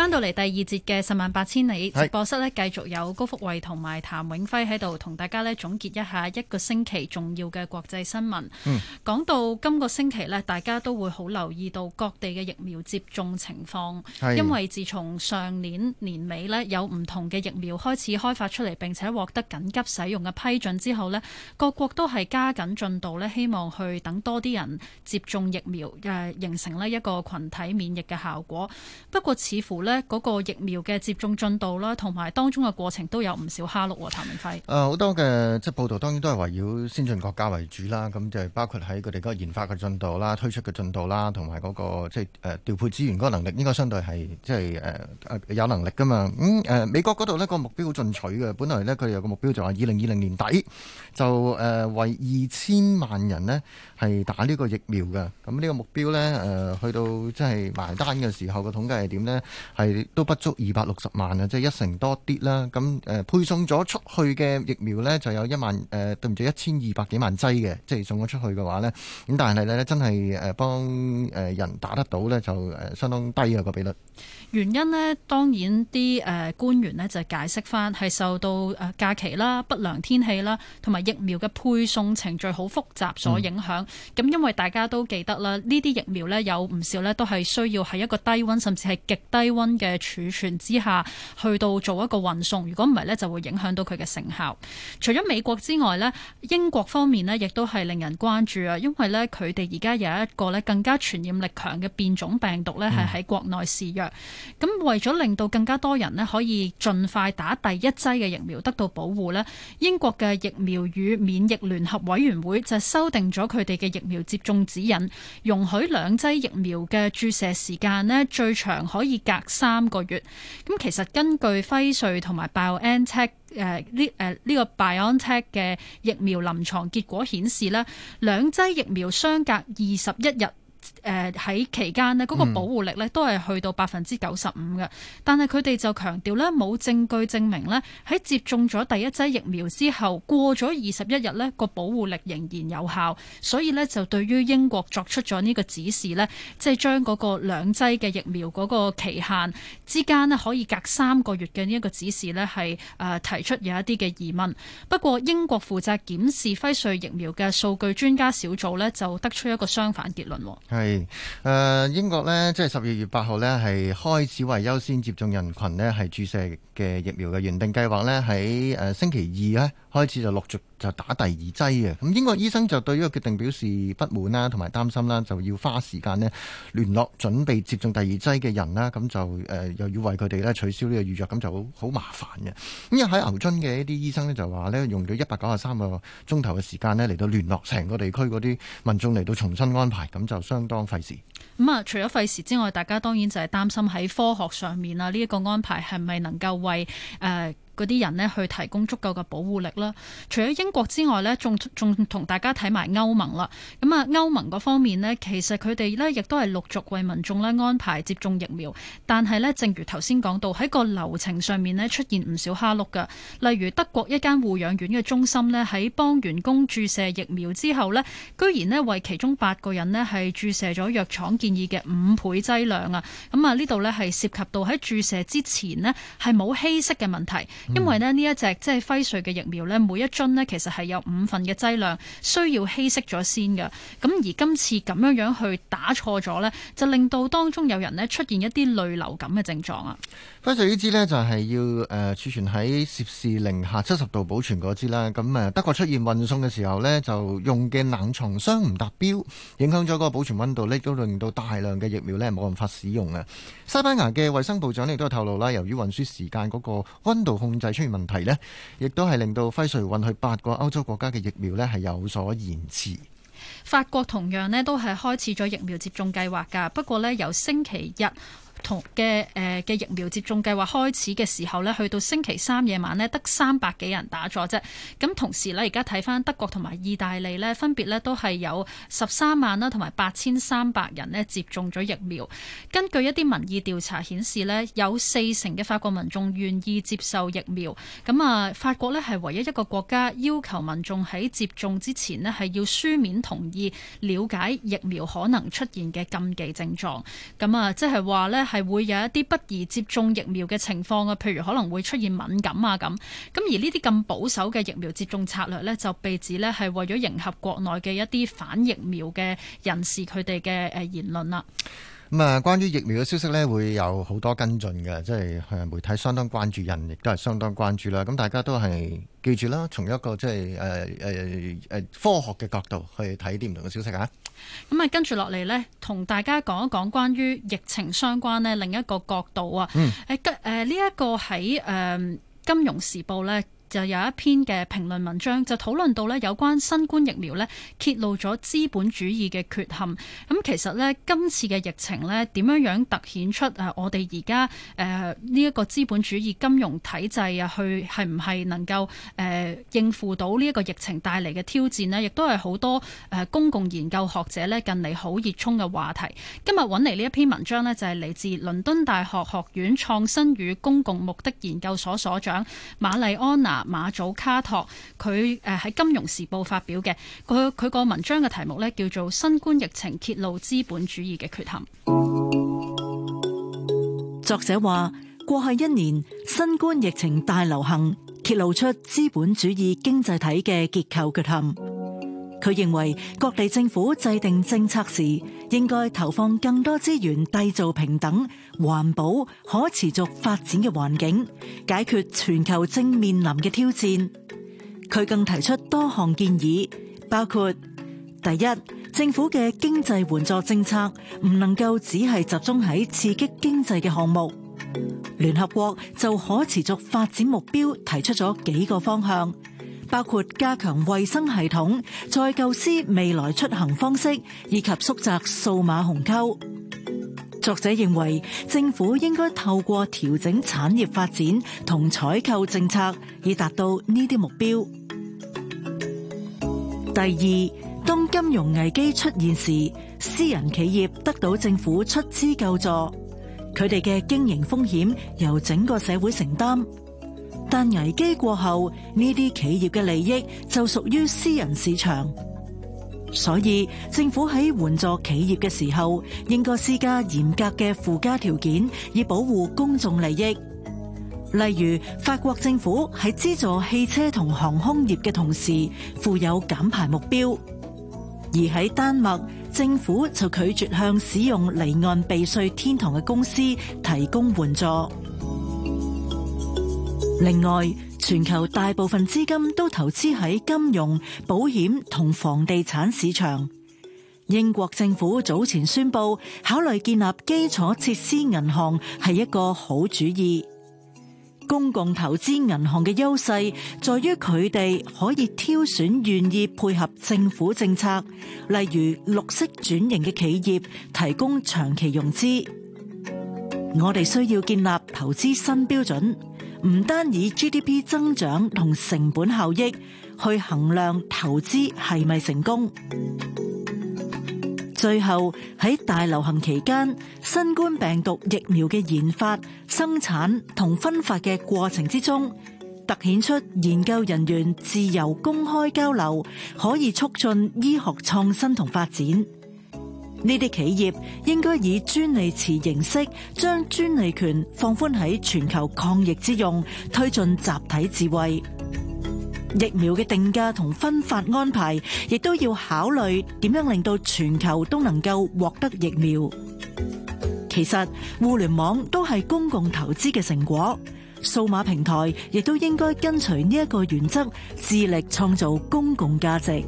翻到嚟第二節嘅十萬八千里直播室咧，繼續有高福慧同埋譚永輝喺度同大家咧總結一下一個星期重要嘅國際新聞。講、嗯、到今個星期咧，大家都會好留意到各地嘅疫苗接種情況，因為自從上年年尾咧有唔同嘅疫苗開始開發出嚟並且獲得緊急使用嘅批准之後咧，各國都係加緊進度咧，希望去等多啲人接種疫苗，誒、呃、形成咧一個群體免疫嘅效果。不過似乎咧。咧、那、嗰個疫苗嘅接種進度啦，同埋當中嘅過程都有唔少蝦碌喎、啊，譚明輝。誒、呃、好多嘅即係報道，當然都係圍繞先進國家為主啦。咁就包括喺佢哋嗰個研發嘅進度啦、推出嘅進度啦，同埋嗰個即係誒、呃、調配資源嗰個能力，應該相對係即係誒、呃、有能力噶嘛。咁、嗯、誒、呃、美國嗰度呢個目標好進取嘅，本來呢佢哋有個目標就話二零二零年底就誒、呃、為二千萬人呢係打呢個疫苗嘅。咁呢個目標呢，誒、呃、去到即係埋單嘅時候嘅統計係點呢？係都不足二百六十萬啊，即係一成多啲啦。咁誒、呃、配送咗出去嘅疫苗呢，就有一萬誒、呃，對唔住一千二百幾萬劑嘅，即係送咗出去嘅話呢，咁但係呢，真係誒幫誒人打得到呢，就誒相當低啊個比率。原因呢，當然啲誒、呃、官員呢，就是、解釋翻係受到誒假期啦、不良天氣啦，同埋疫苗嘅配送程序好複雜所影響。咁、嗯、因為大家都記得啦，呢啲疫苗呢，有唔少呢，都係需要係一個低溫，甚至係極低溫。嘅儲存之下去到做一個運送，如果唔係咧，就會影響到佢嘅成效。除咗美國之外呢，英國方面呢，亦都係令人關注啊，因為呢，佢哋而家有一個呢更加傳染力強嘅變種病毒呢，係喺國內肆虐。咁為咗令到更加多人呢，可以盡快打第一劑嘅疫苗得到保護呢，英國嘅疫苗與免疫聯合委員會就修訂咗佢哋嘅疫苗接種指引，容許兩劑疫苗嘅注射時間呢，最長可以隔三個月，咁其實根據，輝瑞同埋 BioNTech 誒呢誒呢個 BioNTech 嘅疫苗臨床結果顯示咧，兩劑疫苗相隔二十一日，誒、呃，喺期間咧，嗰、那個保護力咧都係去到百分之九十五嘅。但係佢哋就強調咧，冇證據證明咧喺接種咗第一劑疫苗之後過咗二十一日咧，個保護力仍然有效。所以呢，就對於英國作出咗呢個指示呢，即係將嗰個兩劑嘅疫苗嗰個期限之間咧可以隔三個月嘅呢一個指示呢係誒、呃、提出有一啲嘅疑問。不過英國負責檢視輝瑞疫苗嘅數據專家小組呢，就得出一個相反結論、哦。係誒、呃，英國呢，即係十二月八號呢，係開始為優先接種人群呢係注射嘅疫苗嘅原定計劃呢喺誒、呃、星期二呢，開始就陸續就打第二劑嘅。咁英國醫生就對呢個決定表示不滿啦，同埋擔心啦，就要花時間呢聯絡準備接種第二劑嘅人啦，咁就誒又、呃、要為佢哋呢取消呢個預約，咁就好好麻煩嘅。咁又喺牛津嘅一啲醫生呢，就話呢用咗一百九十三個鐘頭嘅時間呢嚟到聯絡成個地區嗰啲民眾嚟到重新安排，咁就相。相當費事。咁、嗯、啊，除咗費事之外，大家當然就係擔心喺科學上面啊，呢一個安排係咪能夠為誒嗰啲人咧去提供足夠嘅保護力啦，除咗英國之外咧，仲仲同大家睇埋歐盟啦。咁、嗯、啊，歐盟嗰方面咧，其實佢哋咧亦都係陸續為民眾咧安排接種疫苗，但係咧，正如頭先講到喺個流程上面咧出現唔少蝦碌嘅，例如德國一間護養院嘅中心咧，喺幫員工注射疫苗之後咧，居然咧為其中八個人咧係注射咗藥廠。意嘅五倍劑量啊，咁啊呢度呢係涉及到喺注射之前呢係冇稀釋嘅問題，因為呢呢一隻即係輝瑞嘅疫苗呢，每一樽呢其實係有五份嘅劑量需要稀釋咗先嘅，咁而今次咁樣樣去打錯咗呢，就令到當中有人呢出現一啲類流感嘅症狀啊。輝瑞呢支呢，就係要誒儲存喺攝氏零下七十度保存嗰支啦，咁誒德國出現運送嘅時候呢，就用嘅冷藏箱唔達標，影響咗嗰個保存溫度咧，都令到大量嘅疫苗呢冇辦法使用啊！西班牙嘅衛生部長亦都透露啦，由於運輸時間嗰個溫度控制出現問題呢，亦都係令到輝瑞運去八個歐洲國家嘅疫苗呢係有所延遲。法國同樣呢都係開始咗疫苗接種計劃噶，不過呢，由星期一。同嘅誒嘅疫苗接種計劃開始嘅時候呢，去到星期三夜晚呢，得三百幾人打咗啫。咁同時呢，而家睇翻德國同埋意大利呢分別呢都係有十三萬啦，同埋八千三百人呢接種咗疫苗。根據一啲民意調查顯示呢，有四成嘅法國民眾願意接受疫苗。咁啊，法國呢係唯一一個國家要求民眾喺接種之前呢係要書面同意，了解疫苗可能出現嘅禁忌症狀。咁啊，即係話呢。係會有一啲不宜接種疫苗嘅情況啊，譬如可能會出現敏感啊咁，咁而呢啲咁保守嘅疫苗接種策略呢，就被指呢係為咗迎合國內嘅一啲反疫苗嘅人士佢哋嘅誒言論啦。咁啊，關於疫苗嘅消息咧，會有好多跟進嘅，即係媒體相當關注，人亦都係相當關注啦。咁大家都係記住啦，從一個即係誒誒誒科學嘅角度去睇啲唔同嘅消息嚇。咁啊，跟住落嚟呢，同大家講一講關於疫情相關嘅另一個角度啊。嗯。誒，呢一個喺誒《金融時報》呢。就有一篇嘅評論文章，就討論到咧有關新冠疫苗咧揭露咗資本主義嘅缺陷。咁其實咧，今次嘅疫情咧點樣樣凸顯出誒我哋而家誒呢一個資本主義金融體制啊，去係唔係能夠誒、呃、應付到呢一個疫情帶嚟嘅挑戰咧？亦都係好多誒公共研究學者咧近嚟好熱衷嘅話題，今日揾嚟呢一篇文章咧，就係嚟自倫敦大學學院創新與公共目的研究所所，所長瑪麗安娜。馬祖卡托佢誒喺《金融時報》發表嘅佢佢個文章嘅題目呢，叫做《新冠疫情揭露資本主義嘅缺陷》。作者話：過去一年新冠疫情大流行，揭露出資本主義經濟體嘅結構缺陷。佢認為，各地政府制定政策時，應該投放更多資源，締造平等、環保、可持續發展嘅環境，解決全球正面臨嘅挑戰。佢更提出多項建議，包括：第一，政府嘅經濟援助政策唔能夠只係集中喺刺激經濟嘅項目。聯合國就可持續發展目標提出咗幾個方向。包括加強衛生系統、再構思未來出行方式以及縮窄數碼鴻溝。作者認為政府應該透過調整產業發展同採購政策，以達到呢啲目標。第二，當金融危機出現時，私人企業得到政府出資救助，佢哋嘅經營風險由整個社會承擔。但危機過後，呢啲企業嘅利益就屬於私人市場，所以政府喺援助企業嘅時候，應該施加嚴格嘅附加條件，以保護公眾利益。例如，法國政府喺資助汽車同航空業嘅同時，附有減排目標；而喺丹麥，政府就拒絕向使用離岸避稅天堂嘅公司提供援助。另外，全球大部分資金都投資喺金融、保險同房地產市場。英國政府早前宣布，考慮建立基礎設施銀行係一個好主意。公共投資銀行嘅優勢在於佢哋可以挑選願意配合政府政策，例如綠色轉型嘅企業，提供長期融資。我哋需要建立投資新標準。唔單以 GDP 增長同成本效益去衡量投資係咪成功。最後，喺大流行期間，新冠病毒疫苗嘅研發、生產同分發嘅過程之中，凸顯出研究人員自由公開交流可以促進醫學創新同發展。呢啲企業應該以專利池形式將專利權放寬喺全球抗疫之用，推進集體智慧。疫苗嘅定價同分發安排，亦都要考慮點樣令到全球都能夠獲得疫苗。其實互聯網都係公共投資嘅成果，數碼平台亦都應該跟隨呢一個原則，致力創造公共價值。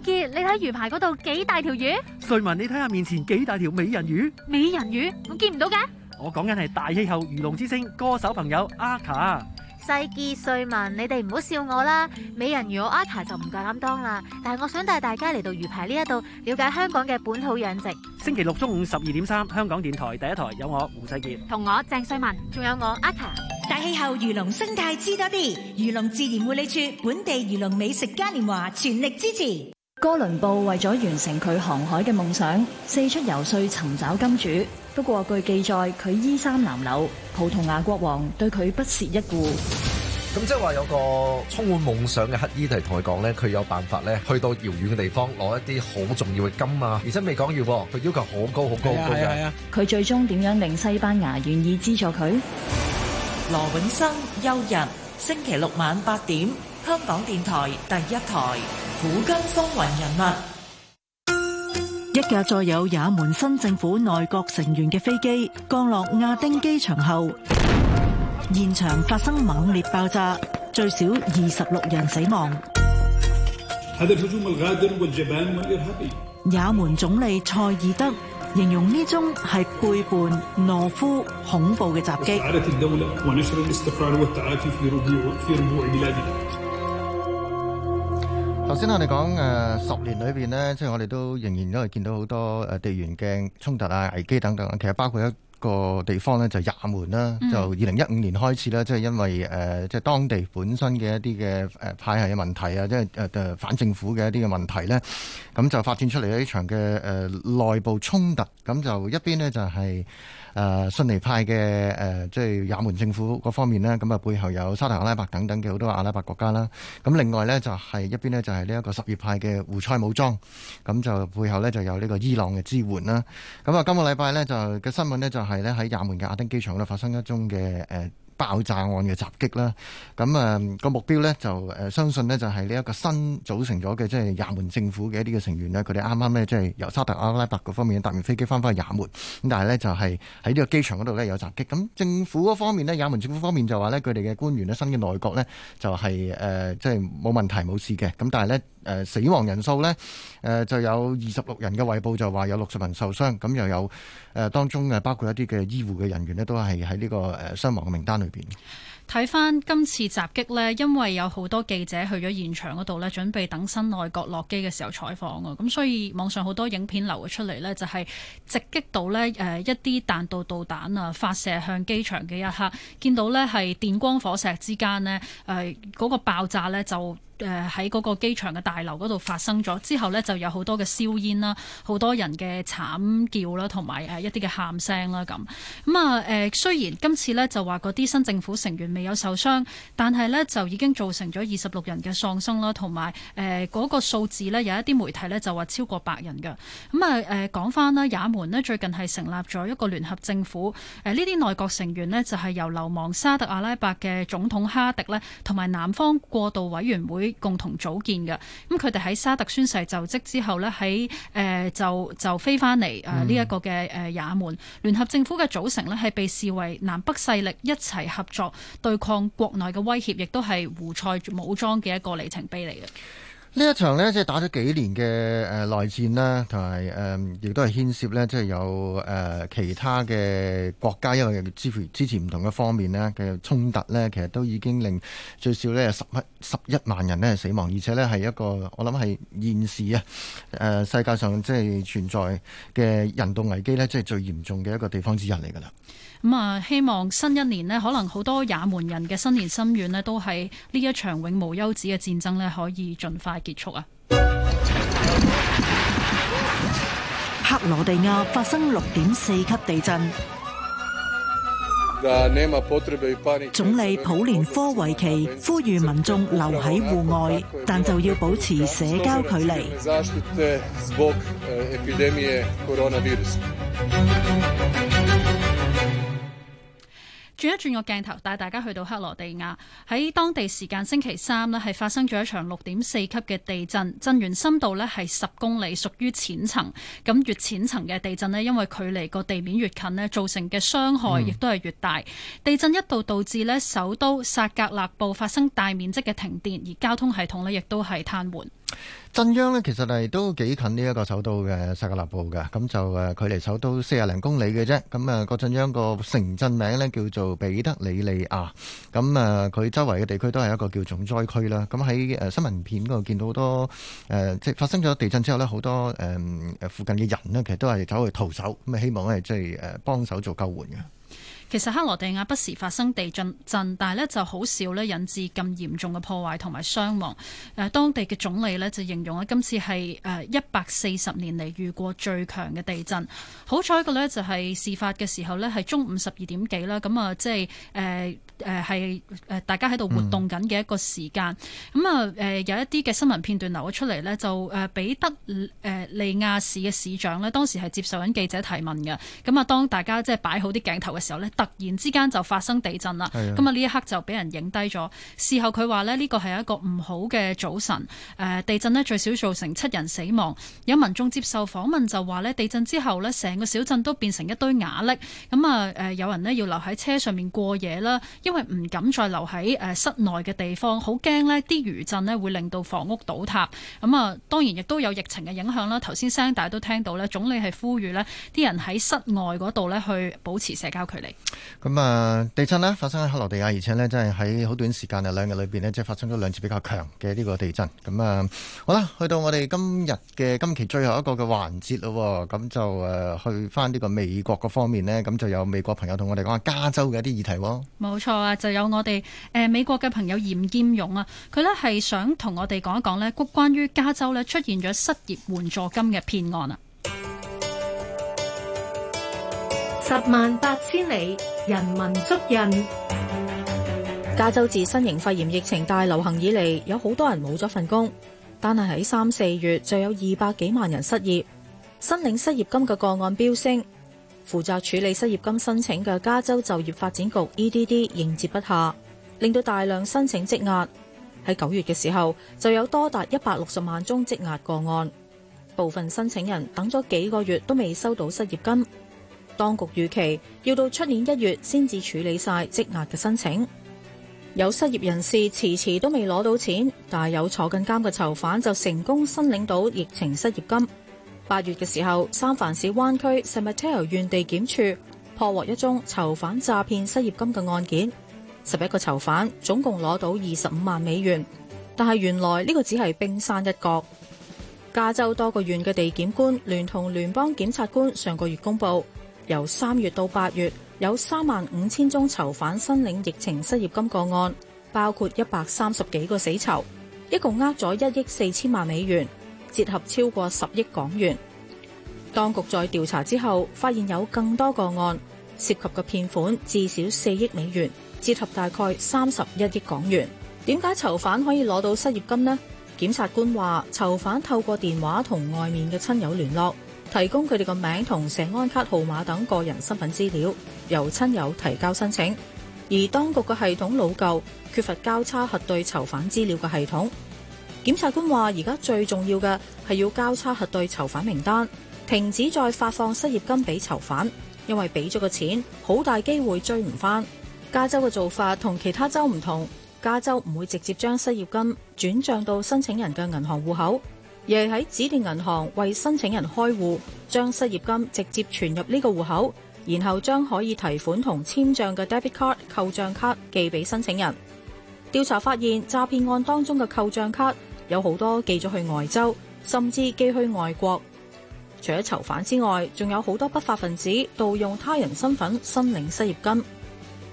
杰，你睇魚排嗰度幾大條魚？瑞文，你睇下面前幾大條美人魚？美人魚我見唔到嘅。我講緊係大氣候魚龍之星歌手朋友阿卡。世杰、瑞文，你哋唔好笑我啦。美人魚我阿卡就唔夠膽當啦。但係我想帶大家嚟到魚排呢一度了解香港嘅本土養殖。星期六中午十二點三，香港電台第一台有我胡世杰，同我鄭瑞文，仲有我阿卡。大氣候魚龍生態知多啲，魚龍自然護理處、本地魚龍美食嘉年華全力支持。哥倫布為咗完成佢航海嘅夢想，四出游說尋找金主。不過，據記載,佢衣衫襤褸,葡萄牙國王對佢不屑一顧。咁即係話有個充滿夢想嘅乞衣，嚟同佢講呢，佢有辦法去到遙遠嘅地方攞一啲好重要嘅金啊。而且未講完，佢要求好高，好高，好高。佢最終點樣令西班牙願意資助佢？羅永生，古今風雲人物。一架載有也門新政府內閣成員嘅飛機降落亞丁機場後，現場發生猛烈爆炸，最少二十六人死亡。也門總理賽義德形容呢宗係背叛、懦夫、恐怖嘅襲擊。頭先我哋講誒十年裏面呢，即係我哋都仍然都係見到好多地緣嘅衝突啊、危機等等。其實包括一個地方呢、嗯，就也門啦，就二零一五年開始啦，即係因為誒、呃、即係當地本身嘅一啲嘅派系嘅問題啊，即係反政府嘅一啲嘅問題呢，咁就發展出嚟呢場嘅誒內部衝突，咁就一邊呢，就係、是。誒遜尼派嘅誒，即、呃、係、就是、也門政府嗰方面呢咁啊，背後有沙特阿拉伯等等嘅好多阿拉伯國家啦。咁另外呢，就係、是、一邊呢，就係呢一個什葉派嘅胡塞武裝，咁就背後呢，就有呢個伊朗嘅支援啦。咁啊，今個禮拜呢，就嘅新聞呢，就係呢喺也門嘅亞丁機場度發生一宗嘅誒。呃爆炸案嘅襲擊啦，咁啊個目標呢就誒、呃、相信呢就係呢一個新組成咗嘅即係也門政府嘅一啲嘅成員，他們剛剛呢。佢哋啱啱呢，即係由沙特阿拉伯嗰方面搭完飛機翻返去也門，咁但係呢就係喺呢個機場嗰度呢有襲擊，咁政府嗰方面呢，也門政府方面就話呢，佢哋嘅官員呢，新嘅內閣呢，就係誒即係冇問題冇事嘅，咁但係呢。誒、呃、死亡人數呢誒、呃、就有二十六人嘅衛報，就話有六十人受傷，咁又有誒、呃、當中誒包括一啲嘅醫護嘅人員咧，都係喺呢個誒、呃、傷亡嘅名單裏邊。睇返今次襲擊呢，因為有好多記者去咗現場嗰度咧，準備等新內閣落機嘅時候採訪啊，咁所以網上好多影片流咗出嚟呢就係直擊到呢誒一啲彈道導彈啊發射向機場嘅一刻，見到呢係電光火石之間呢，誒、呃、嗰、那個爆炸呢就。誒喺嗰個機場嘅大樓嗰度發生咗，之後呢，就有好多嘅硝煙啦，好多人嘅慘叫啦，同埋一啲嘅喊聲啦咁。咁啊、嗯呃、雖然今次呢就話嗰啲新政府成員未有受傷，但係呢就已經造成咗二十六人嘅喪生啦，同埋誒嗰個數字呢，有一啲媒體呢就話超過百人嘅。咁啊誒講翻啦，也門呢最近係成立咗一個聯合政府，呢、呃、啲內閣成員呢，就係、是、由流亡沙特阿拉伯嘅總統哈迪呢，同埋南方過渡委員會，共同組建嘅，咁佢哋喺沙特宣誓就職之後呢，喺誒、呃、就就飛翻嚟誒呢一個嘅誒也門聯、嗯、合政府嘅組成呢，係被視為南北勢力一齊合作對抗國內嘅威脅，亦都係胡塞武裝嘅一個里程碑嚟嘅。呢一場呢，即係打咗幾年嘅誒內戰啦，同埋誒亦都係牽涉呢，即係有誒其他嘅國家因為支持唔同嘅方面呢，嘅衝突呢，其實都已經令最少呢，十一十一萬人呢死亡，而且呢，係一個我諗係現時啊誒世界上即係存在嘅人道危機呢，即係最嚴重嘅一個地方之一嚟㗎啦。咁啊，希望新一年呢，可能好多也門人嘅新年心願呢，都係呢一場永無休止嘅戰爭呢，可以盡快結束啊！克羅地亞發生六點四級地震，總理普連科維奇呼籲民眾留喺戶外，但就要保持社交距離。轉一轉個鏡頭，帶大家去到克羅地亞。喺當地時間星期三咧，係發生咗一場六點四級嘅地震，震源深度咧係十公里，屬於淺層。咁越淺層嘅地震咧，因為距離個地面越近咧，造成嘅傷害亦都係越大。嗯。地震一度導致咧首都薩格勒布發生大面積嘅停電，而交通系統咧亦都係癱瘓。震央呢其實係都幾近呢一個首都嘅薩格勒布嘅，咁就誒，佢離首都四十零公里嘅啫。咁啊，個震央個城鎮名呢叫做比德里利亞，咁啊，佢周圍嘅地區都係一個叫重災區啦。咁喺誒新聞片嗰度見到好多誒、呃，即係發生咗地震之後呢，好多誒誒附近嘅人呢其實都係走去逃走，咁啊希望係即係誒幫手做救援嘅。其實克羅地亞不時發生地震震，但係咧就好少咧引致咁嚴重嘅破壞同埋傷亡。誒，當地嘅總理咧就形容咧今次係誒一百四十年嚟遇過最強嘅地震。好彩嘅呢就係事發嘅時候呢係中午十二點幾啦，咁啊即係誒。呃誒係誒，大家喺度活動緊嘅一個時間，咁啊誒有一啲嘅新聞片段流咗出嚟呢就誒彼得誒利亞市嘅市長呢，當時係接受緊記者提問嘅，咁、嗯、啊當大家即係擺好啲鏡頭嘅時候呢，突然之間就發生地震啦，咁啊呢一刻就俾人影低咗。事後佢話呢，呢、呢個係一個唔好嘅早晨，誒、呃、地震呢最少造成七人死亡，有民眾接受訪問就話呢，地震之後呢，成個小鎮都變成一堆瓦礫，咁啊誒有人呢，要留喺車上面過夜啦。因為唔敢再留喺誒室內嘅地方，好驚呢啲餘震咧，會令到房屋倒塌。咁啊，當然亦都有疫情嘅影響啦。頭先聲，大家都聽到咧，總理係呼籲呢啲人喺室外嗰度咧去保持社交距離。咁啊，地震咧發生喺克羅地亞，而且呢真係喺好短時間啊兩日裏邊呢，即係發生咗兩次比較強嘅呢個地震。咁啊，好啦，去到我哋今日嘅今期最後一個嘅環節咯。咁就誒去返呢個美國嗰方面呢，咁就有美國朋友同我哋講下加州嘅一啲議題。冇錯。就有我哋誒美國嘅朋友嚴劍蓉啊，佢咧係想同我哋講一講咧，關於加州咧出現咗失業援助金嘅騙案啊。十萬八千里，人文足印。加州自新型肺炎疫情大流行以嚟，有好多人冇咗份工，但係喺三四月就有二百幾萬人失業，申領失業金嘅個案飆升。負責處理失業金申請嘅加州就業發展局 （EDD） 應接不下，令到大量申請積壓。喺九月嘅時候就有多達一百六十萬宗積壓個案，部分申請人等咗幾個月都未收到失業金。當局預期要到出年一月先至處理晒積壓嘅申請。有失業人士遲遲都未攞到錢，但有坐緊監嘅囚犯就成功申領到疫情失業金。八月嘅時候，三藩市灣區 San Mateo 縣地檢處破獲一宗囚犯詐騙失業金嘅案件，十一個囚犯總共攞到二十五萬美元，但係原來呢個只係冰山一角。加州多個縣嘅地檢官聯同聯邦檢察官上個月公布，由三月到八月有三萬五千宗囚犯申領疫情失業金個案，包括一百三十幾個死囚，一共呃咗一億四千萬美元。折合超過十億港元。當局在調查之後，發現有更多個案涉及嘅騙款至少四億美元，折合大概三十一億港元。點解囚犯可以攞到失業金呢？檢察官話，囚犯透過電話同外面嘅親友聯絡，提供佢哋嘅名同社安卡號碼等個人身份資料，由親友提交申請。而當局嘅系統老舊，缺乏交叉核對囚犯資料嘅系統。檢察官話，而家最重要嘅係要交叉核對囚犯名單，停止再發放失業金俾囚犯，因為俾咗個錢，好大機會追唔返。加州嘅做法同其他州唔同，加州唔會直接將失業金轉賬到申請人嘅銀行戶口，而係喺指定銀行為申請人開戶，將失業金直接存入呢個戶口，然後將可以提款同簽賬嘅 debit card 扣賬卡寄俾申請人。調查發現，詐騙案當中嘅扣賬卡。有好多寄咗去外州，甚至寄去外國。除咗囚犯之外，仲有好多不法分子盜用他人身份申領失業金。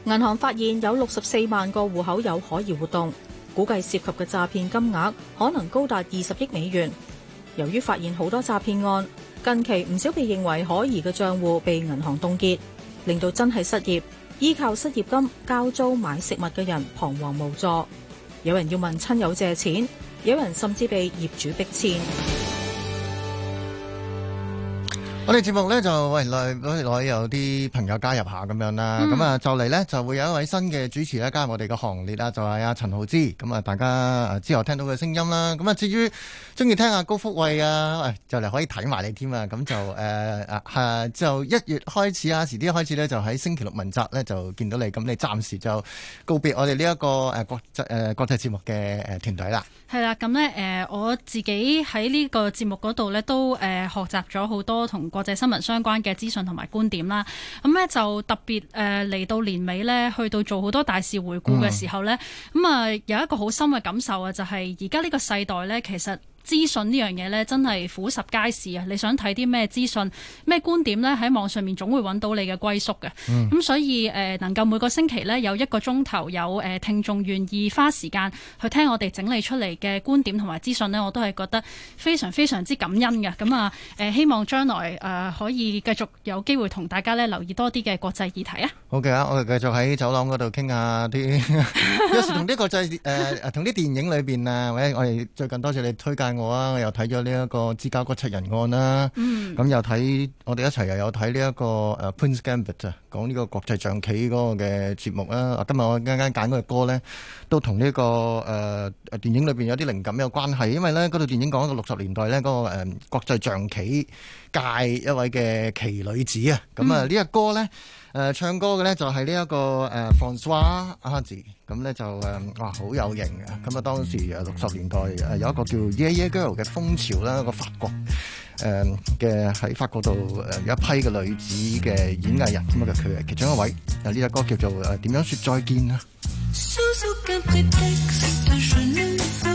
銀行發現有六十四萬個戶口有可疑活動，估計涉及嘅詐騙金額可能高達二十億美元。由於發現好多詐騙案，近期唔少被認為可疑嘅賬戶被銀行凍結，令到真係失業，依靠失業金交租買食物嘅人彷徨無助。有人要問親友借錢。有人甚至被業主逼遷。 我哋節目咧就喂，來來有啲朋友加入下咁樣啦。咁啊就嚟呢，就會有一位新嘅主持咧加入我哋嘅行列啦。就係阿陳浩之。咁啊，大家之後聽到佢嘅聲音啦。咁啊，至於中意聽下高福慧、呃、啊，就嚟可以睇埋你添啊。咁就誒啊就一月開始啊，遲啲開始咧，就喺星期六問責咧就見到你。咁你暫時就告別我哋呢一個誒國際誒國際節目嘅誒團隊啦。係、呃、啦，咁咧誒我自己喺呢個節目嗰度咧都誒、呃、學習咗好多同。國際新聞相關嘅資訊同埋觀點啦，咁咧就特別誒嚟到年尾咧，去到做好多大事回顧嘅時候咧，咁、嗯、啊有一個好深嘅感受啊，就係而家呢個世代咧，其實。資訊呢樣嘢呢，真係俯拾皆是啊！你想睇啲咩資訊、咩觀點呢？喺網上面總會揾到你嘅歸宿嘅。咁、嗯、所以、呃、能夠每個星期呢，有一個鐘頭有誒聽眾願意花時間去聽我哋整理出嚟嘅觀點同埋資訊呢，我都係覺得非常非常之感恩嘅。咁、嗯、啊、呃、希望將來、呃、可以繼續有機會同大家呢，留意多啲嘅國際議題啊。好嘅，我哋繼續喺走廊嗰度傾下啲， 有時同啲國際同啲、呃、電影裏面啊，或、呃、者我哋最近多謝你推介。我啊、這個，又睇咗呢一個芝加哥七人案啦，咁、嗯、又睇我哋一齊又有睇呢一個誒 Prince Gambit 啊，講呢個國際象棋嗰個嘅節目啦。今日我啱啱揀嗰個歌咧，都同呢、這個誒、呃、電影裏邊有啲靈感有關係，因為咧嗰套電影講一個六十年代咧、那、嗰個誒、呃、國際象棋界一位嘅奇女子啊，咁啊呢個歌咧。嗯誒、呃、唱歌嘅咧就係呢一個誒 Francoise 阿子，咁咧就誒、呃、哇好有型嘅。咁啊當時誒六十年代誒、呃、有一個叫 Ye Ye Girl 嘅風潮啦，一個法國誒嘅喺法國度誒有一批嘅女子嘅演藝人咁啊，佢其中一位呢隻歌叫做誒點樣說再見》。啊。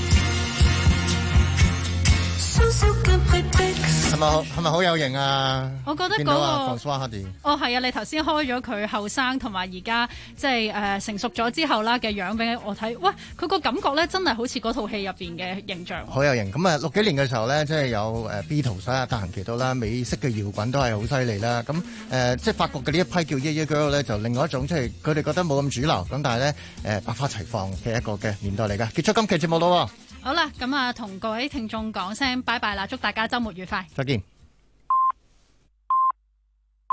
係咪好有型啊？我覺得嗰、那個、啊、哦係啊，你頭先開咗佢後生同埋而家即係誒成熟咗之後啦嘅樣俾我睇，喂佢個感覺咧真係好似嗰套戲入邊嘅形象。好有型咁啊、嗯！六幾年嘅時候咧，即係有誒 B 土啦、流行其到啦、美式嘅搖滾都係好犀利啦。咁、嗯、誒、呃、即係法國嘅呢一批叫 Ye Ye 就另外一種即係佢哋覺得冇咁主流，咁但係咧誒百花齊放嘅一個嘅年代嚟嘅。結束今期節目咯。好啦，咁啊，同各位聽眾講聲拜拜啦，祝大家週末愉快，再見。